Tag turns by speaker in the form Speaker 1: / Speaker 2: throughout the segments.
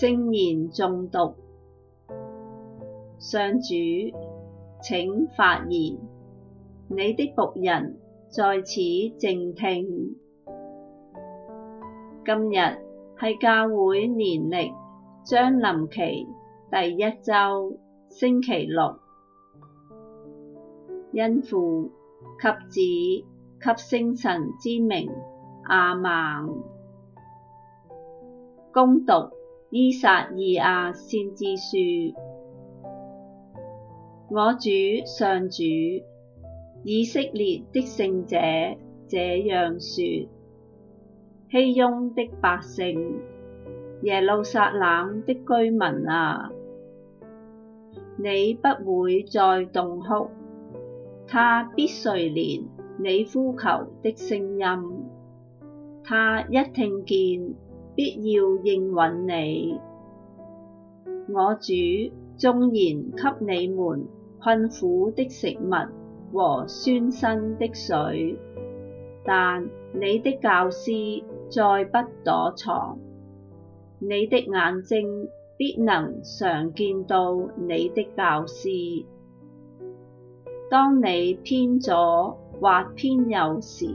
Speaker 1: 聖言誦讀，上主，請發言，你的僕人在此靜聽。今日係教會年曆將臨期第一周，星期六。因父，及子，及聖神之名，阿們，恭讀。依撒意亞先知説：我主上主以色列的聖者這樣説：熙雍的百姓、耶路撒冷的居民啊，你不會再慟哭，他必垂憐你呼求的聲音，他一聽見，必要應允你，我主縱然給你們困苦的食物和酸辛的水，但你的教師再不躲藏，你的眼睛必能常見到你的教師。當你偏左或偏右時，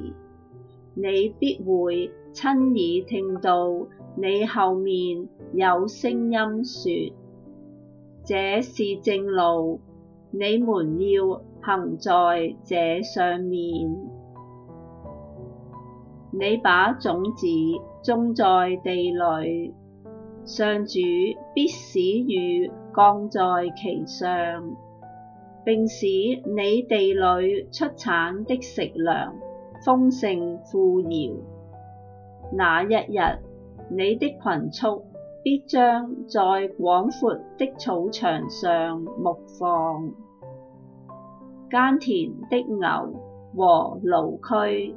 Speaker 1: 你必會。親耳聽到你後面有聲音說：這是正路，你們要行在這上面。你把種子種在地裏，上主必使雨降在其上，並使你地裏出產的食糧豐盛富饒。那一日，日，你的群畜必將在廣闊的草場上牧放；耕田的牛和驢駒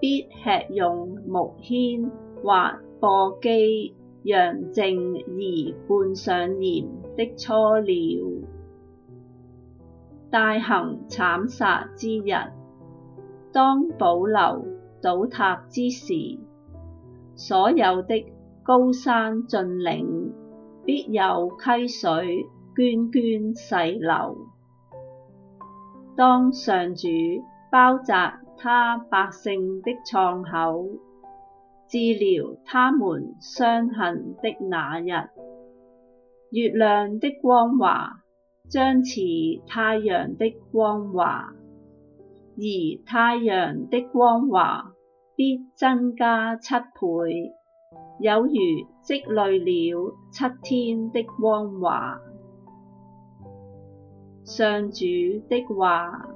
Speaker 1: 必吃用木杴或簸箕，揚淨而拌上鹽的芻料。大行慘殺之日，當堡樓倒塌之時。所有的高山峻嶺必有溪水涓涓細流。當上主包紮他百姓的創口，治療他們傷痕的那日，月亮的光華將似太陽的光華，而太陽的光華，必增加七倍，有如積累了七天的光華。上主的話，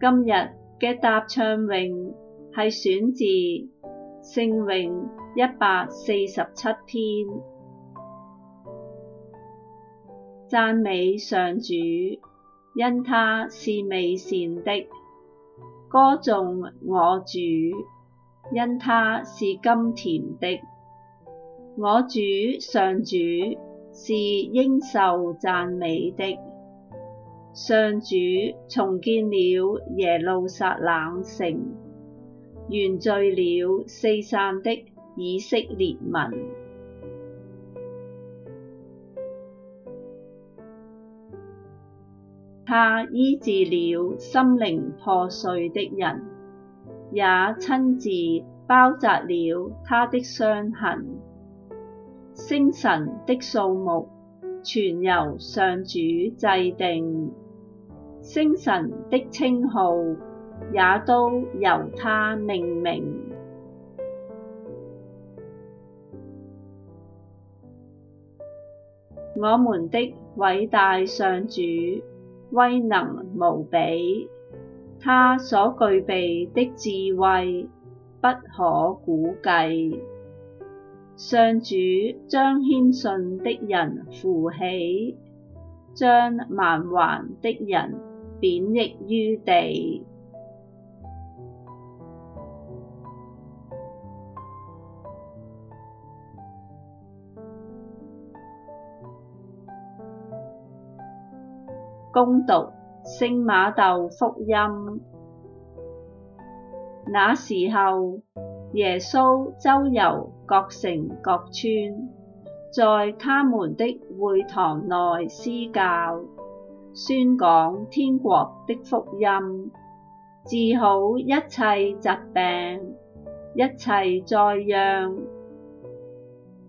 Speaker 1: 今日嘅答唱詠係選自。聖詠一百四十七篇，讚美上主，因他是美善的；歌頌我主，因他是甘甜的。我主上主是應受讚美的。上主重建了耶路撒冷城。完聚了四散的以色列民，他醫治了心靈破碎的人，也親自包紮了他的傷痕。星辰的數目全由上主制定，星辰的稱號，也都由他命名。我們的偉大上主，威能無比，他所具備的智慧不可估計。上主將謙遜的人扶起，將蠻橫的人貶抑於地。恭讀《聖瑪竇福音》。那時候，耶穌周遊各城各村，在他們的會堂內施教，宣講天國的福音，治好一切疾病、一切災殃。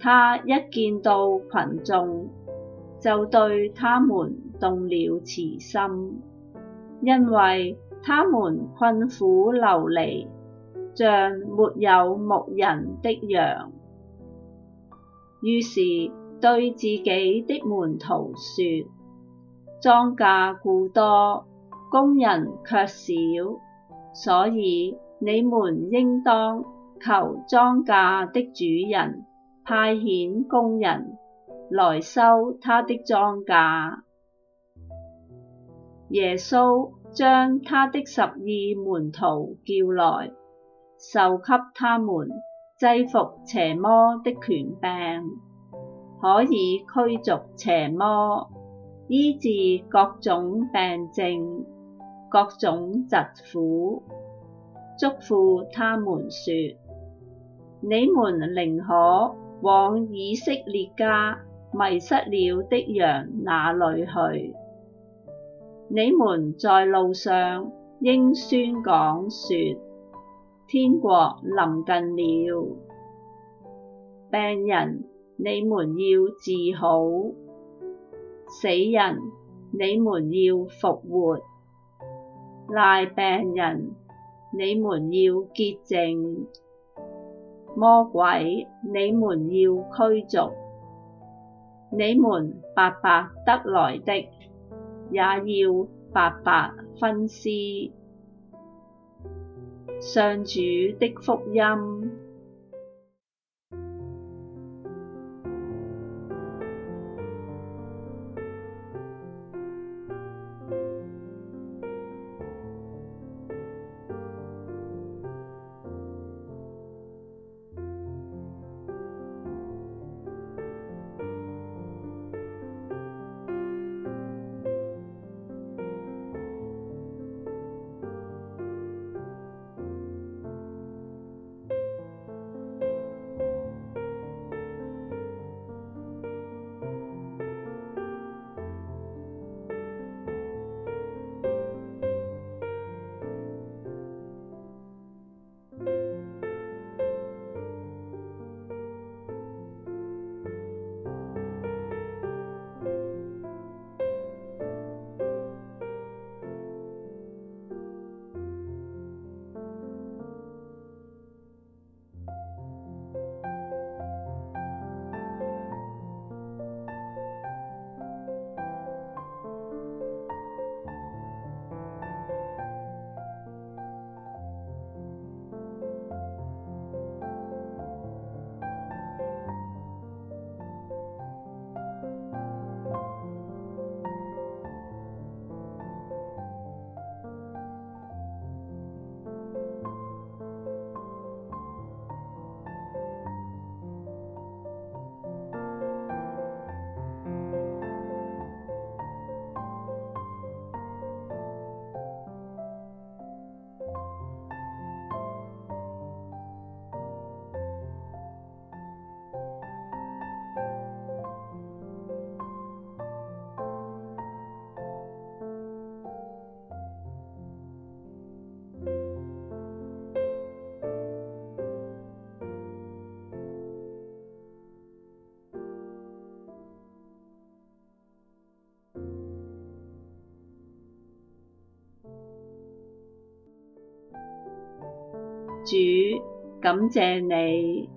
Speaker 1: 他一見到群眾，就對他們動了慈心，因為他們困苦流離，像沒有牧人的羊。於是對自己的門徒說：莊稼固多，工人卻少，所以你們應當求莊稼的主人派遣工人。來收他的莊稼。耶穌將他的十二門徒叫來，授給他們制伏邪魔的權柄，可以驅逐邪魔，醫治各種病症、各種疾苦。囑咐他們說：你們寧可往以色列家。迷失了的羊，那裏去。你們在路上應宣講說：天國臨近了。病人，你們要治好；死人，你們要復活；癩病人，你們要潔淨，魔鬼，你們要驅逐。你們白白得來的，也要白白分施。上主的福音。主感謝你，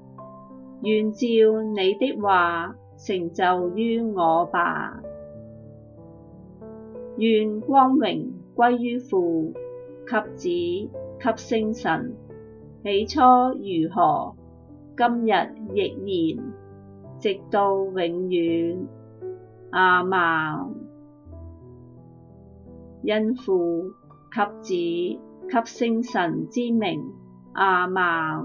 Speaker 1: 願照你的話成就於我吧。願光榮歸於父及子及聖神，起初如何，今日亦然，直到永遠。阿們，因父及子及聖神之名。阿媽。